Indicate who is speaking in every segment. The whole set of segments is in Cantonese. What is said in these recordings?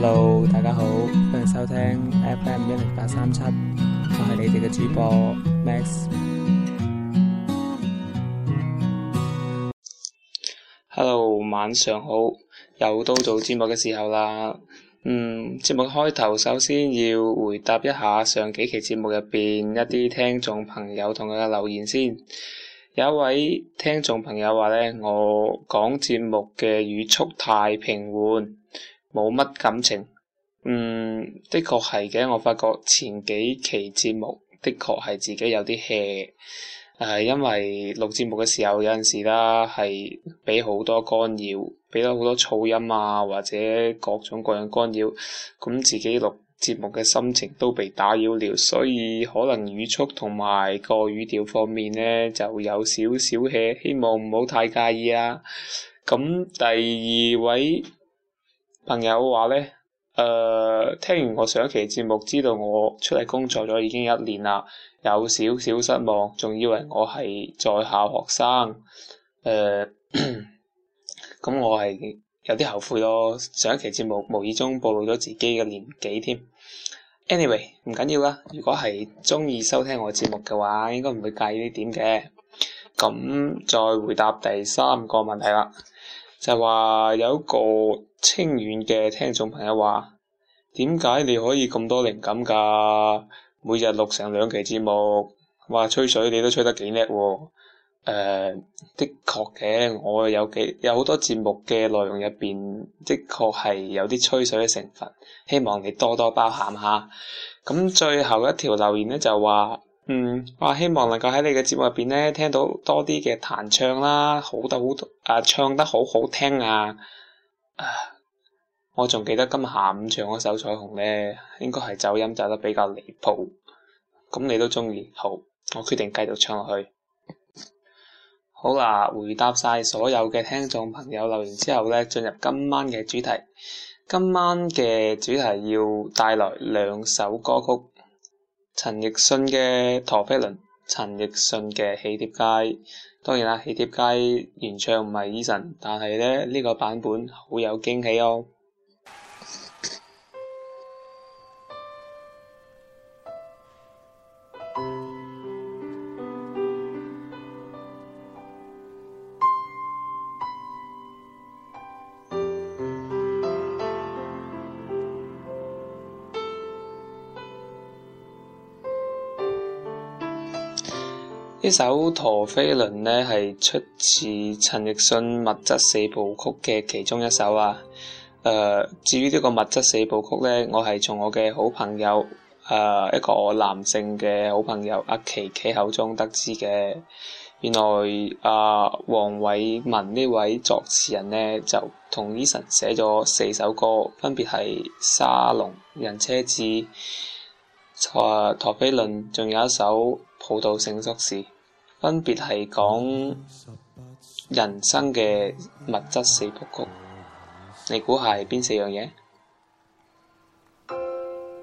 Speaker 1: Hello，大家好，歡迎收聽 FM 一零八三七，我係你哋嘅主播 Max。Hello，晚上好，又到做節目嘅時候啦。嗯，節目開頭首先要回答一下上幾期節目入邊一啲聽眾朋友同佢嘅留言先。有一位聽眾朋友話呢，我講節目嘅語速太平緩。冇乜感情，嗯，的確係嘅。我發覺前幾期節目的確係自己有啲 hea，係因為錄節目嘅時候有陣時啦，係俾好多干擾，俾咗好多噪音啊，或者各種各樣干擾，咁、嗯、自己錄節目嘅心情都被打擾了，所以可能語速同埋個語調方面呢就有少少 hea，希望唔好太介意啊。咁、嗯、第二位。朋友話呢，誒、呃，聽完我上一期節目，知道我出嚟工作咗已經一年啦，有少少失望，仲以為我係在校學生，誒、呃，咁 我係有啲後悔咯。上一期節目無意中暴露咗自己嘅年紀添。Anyway，唔緊要啦，如果係鍾意收聽我節目嘅話，應該唔會介意呢點嘅。咁再回答第三個問題啦。就話有一個清遠嘅聽眾朋友話：點解你可以咁多靈感㗎？每日錄成兩期節目，話吹水你都吹得幾叻喎。誒、呃，的確嘅，我有幾有好多節目嘅內容入邊的確係有啲吹水嘅成分，希望你多多包涵下。咁最後一條留言咧就話。嗯，我係希望能夠喺你嘅節目入邊呢，聽到多啲嘅彈唱啦，好得好啊，唱得好好聽啊！我仲記得今日下午唱嗰首彩虹呢，應該係走音走得比較離譜，咁、嗯、你都中意，好，我決定繼續唱落去。 好啦，回答晒所有嘅聽眾朋友留言之後呢，進入今晚嘅主題。今晚嘅主題要帶來兩首歌曲。陳奕迅嘅《陀飛輪》，陳奕迅嘅《喜帖街》，當然啦，《喜帖街》原唱唔係 Eason，但係咧呢、這個版本好有驚喜哦。呢首《陀飛輪》呢，係出自陳奕迅《物質四部曲》嘅其中一首啊。誒、呃，至於呢個《物質四部曲》呢，我係從我嘅好朋友誒、呃、一個男性嘅好朋友阿琪琪口中得知嘅。原來啊，呃、黃偉文呢位作詞人呢，就同 Eason 寫咗四首歌，分別係沙龍、人車誌》《陀飛輪》，仲有一首《葡萄成熟時》。分別係講人生嘅物質四部曲，你估下係邊四樣嘢？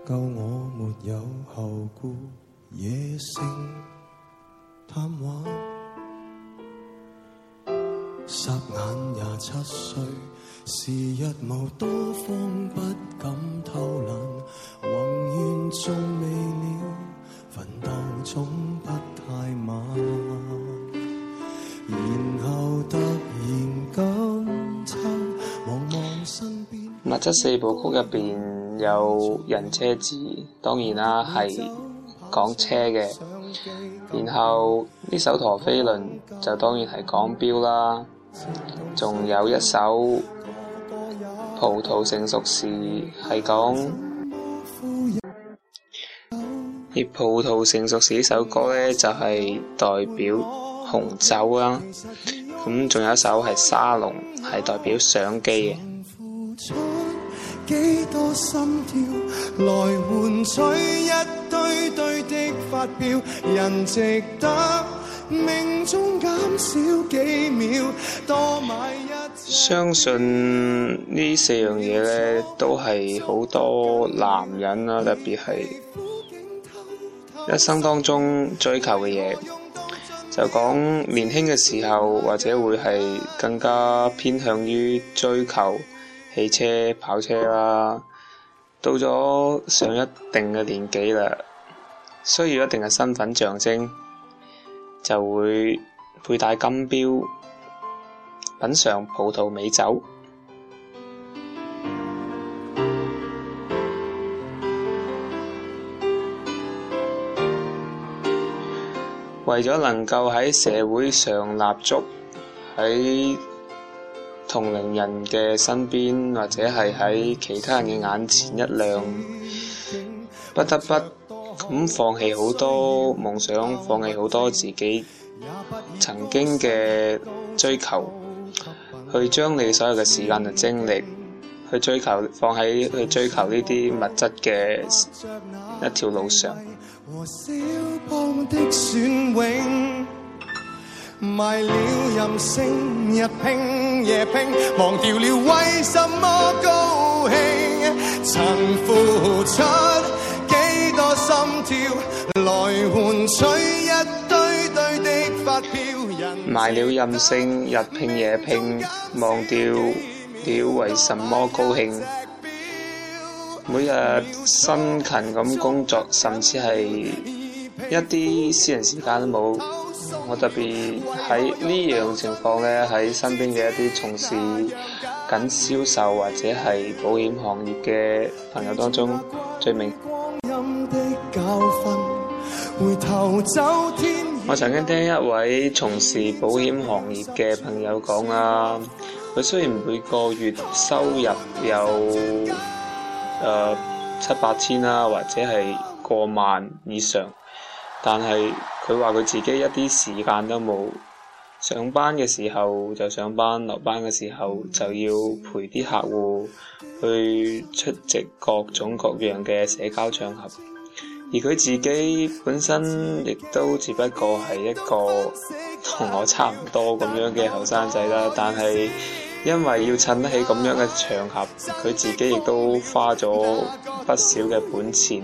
Speaker 1: 我沒有後顧，野性貪玩，霎眼廿七歲，時日無多方，方不敢透物質四部曲入邊有人車誌，當然啦係講車嘅，然後呢首陀飛輪就當然係講錶啦，仲有一首葡萄成熟時係講。而葡萄成熟時，呢首歌咧就係、是、代表紅酒啦。咁仲有一首係沙龍，係代表相機嘅。 相信呢四樣嘢咧，都係好多男人啦，特別係。一生當中追求嘅嘢，就講年輕嘅時候或者會係更加偏向於追求汽車跑車啦。到咗上一定嘅年紀啦，需要一定嘅身份象徵，就會佩戴金錶，品嚐葡萄美酒。為咗能夠喺社會上立足，喺同齡人嘅身邊，或者係喺其他人嘅眼前一亮，不得不咁放棄好多夢想，放棄好多自己曾經嘅追求，去將你所有嘅時間同精力。去追求，放喺去追求呢啲物質嘅一條路上。賣了任性，日拼夜拼，忘掉了為什麼高興。曾付出幾多心跳，來換取一堆堆的發票。賣了任性，日拼夜拼，忘掉。了，為什麼高興？每日辛勤咁工作，甚至係一啲私人時間都冇。我特別喺呢樣情況咧，喺身邊嘅一啲從事緊銷售或者係保險行業嘅朋友當中，最明。我曾經聽一位從事保險行業嘅朋友講啊。佢雖然每個月收入有誒、呃、七八千啦、啊，或者係過萬以上，但係佢話佢自己一啲時間都冇，上班嘅時候就上班，落班嘅時候就要陪啲客戶去出席各種各樣嘅社交場合。而佢自己本身亦都只不過係一個同我差唔多咁樣嘅後生仔啦，但係。因為要襯得起咁樣嘅場合，佢自己亦都花咗不少嘅本錢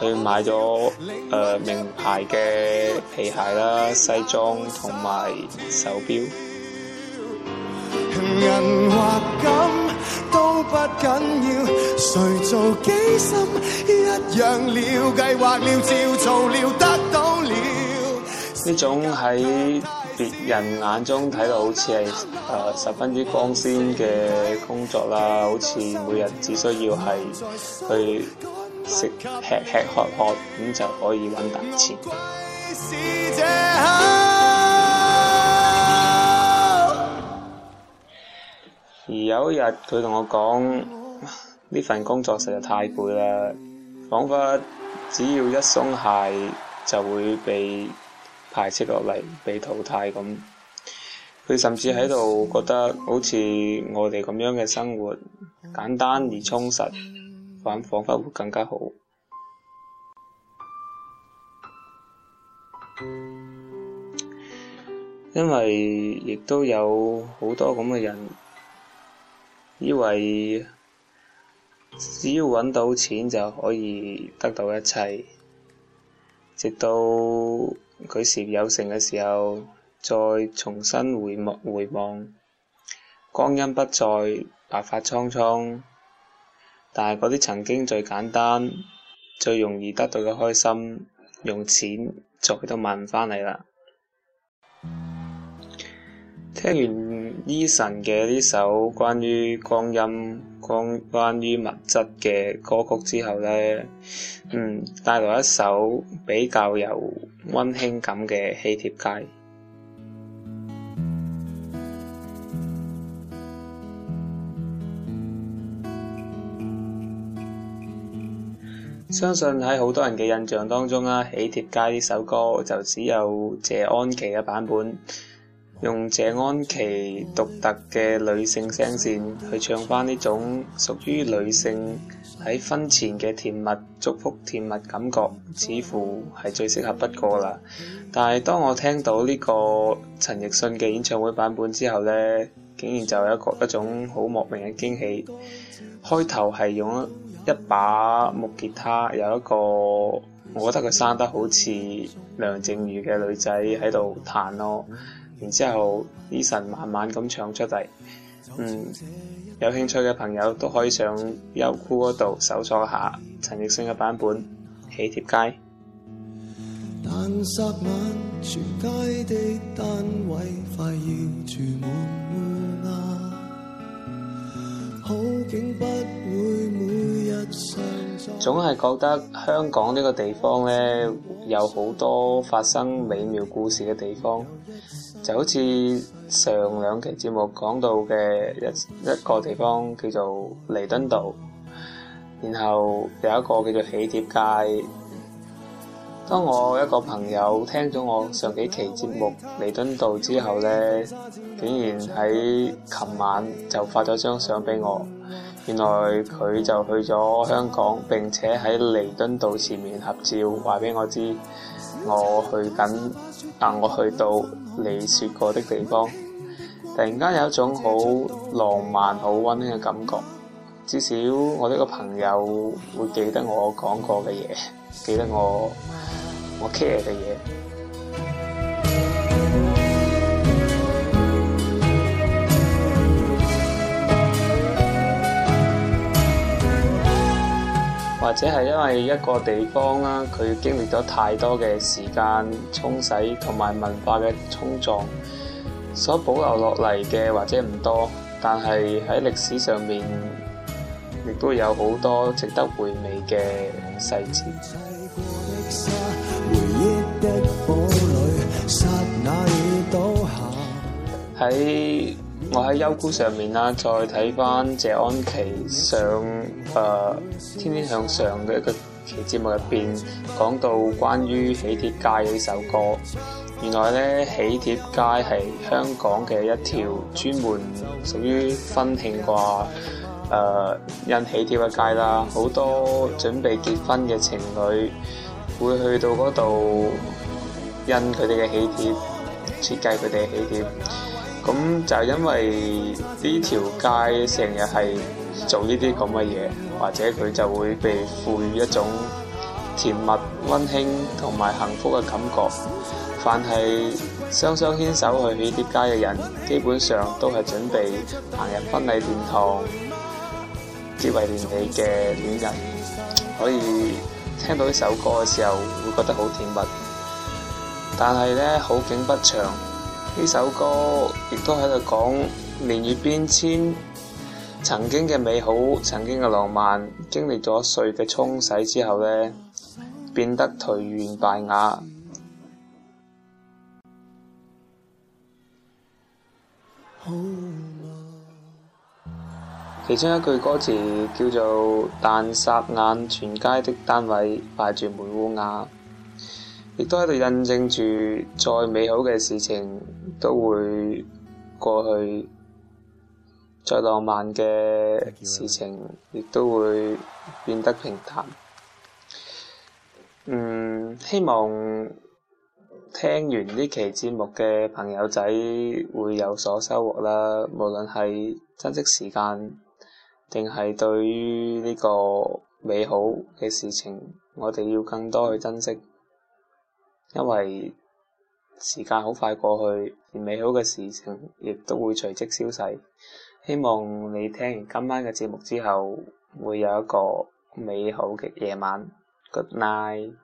Speaker 1: 去買咗誒、呃、名牌嘅皮鞋啦、西裝同埋手錶。人或感都不緊要，誰做機心一樣了，計劃了，照做了，得到了。呢種喺別人眼中睇到好似係誒十分之光鮮嘅工作啦，好似每日只需要係去食吃吃喝喝，咁就可以揾大錢。嗯、而有一日，佢同我講：呢份工作實在太攰啦，彷彿只要一鬆懈就會被排斥落嚟，被淘汰咁。佢甚至喺度覺得，好似我哋咁樣嘅生活簡單而充實，反彷彿會更加好。 因為亦都有好多咁嘅人，以為只要揾到錢就可以得到一切，直到。佢事業有成嘅時候，再重新回目回望，光陰不再，白髮蒼蒼。但係嗰啲曾經最簡單、最容易得到嘅開心，用錢再都買唔返嚟啦。聽完 Eason 嘅呢首關於光陰。講關於物質嘅歌曲之後呢，嗯，帶來一首比較有溫馨感嘅《喜帖街》。 相信喺好多人嘅印象當中啦，《喜帖街》呢首歌就只有謝安琪嘅版本。用謝安琪獨特嘅女性聲線去唱返呢種屬於女性喺婚前嘅甜蜜祝福、甜蜜感覺，似乎係最適合不過啦。但係當我聽到呢個陳奕迅嘅演唱會版本之後呢，竟然就有一個一種好莫名嘅驚喜。開頭係用一把木吉他，有一個我覺得佢生得好似梁靜茹嘅女仔喺度彈咯。然之後，Eason 慢慢咁唱出嚟，嗯，有興趣嘅朋友都可以上優酷嗰度搜索下陳奕迅嘅版本《喜帖街》。總係覺得香港呢個地方呢，有好多發生美妙故事嘅地方，就好似上兩期節目講到嘅一一個地方叫做彌敦道，然後有一個叫做喜帖街。當我一個朋友聽咗我上幾期節目彌敦道之後咧，竟然喺琴晚就發咗張相俾我，原來佢就去咗香港，並且喺彌敦道前面合照，話俾我知我去緊，啊我去到你說過的地方，突然間有一種好浪漫、好溫馨嘅感覺。至少我呢個朋友會記得我講過嘅嘢。記得我我 care 嘅嘢，或者係因為一個地方啦，佢經歷咗太多嘅時間沖洗同埋文化嘅衝撞，所保留落嚟嘅或者唔多，但係喺歷史上面。亦都有好多值得回味嘅細節。喺 我喺優酷上面啦，再睇翻謝安琪上誒、呃《天天向上》嘅一個期節目入邊，講到關於喜帖街嘅呢首歌。原來咧，喜帖街係香港嘅一條專門屬於婚慶啩。誒，印、uh, 喜帖嘅街啦，好多準備結婚嘅情侶會去到嗰度印佢哋嘅喜帖，設計佢哋嘅喜帖。咁就因為呢條街成日係做呢啲咁嘅嘢，或者佢就會被賦予一種甜蜜、溫馨同埋幸福嘅感覺。凡係雙雙牽手去喜帖街嘅人，基本上都係準備行入婚禮殿堂。結為連理嘅戀人，可以聽到呢首歌嘅時候，會覺得好甜蜜。但係呢，好景不長，呢首歌亦都喺度講年月變遷，曾經嘅美好，曾經嘅浪漫，經歷咗歲月嘅沖洗之後呢，變得頹垣敗瓦。 其中一句歌詞叫做「但霎眼，全街的單位擺住門烏鴉」，亦都喺度印證住，再美好嘅事情都會過去，再浪漫嘅事情亦都會變得平淡。嗯，希望聽完呢期節目嘅朋友仔會有所收穫啦。無論係珍惜時間，定係對於呢個美好嘅事情，我哋要更多去珍惜，因為時間好快過去，而美好嘅事情亦都會隨即消逝。希望你聽完今晚嘅節目之後，會有一個美好嘅夜晚。Good night。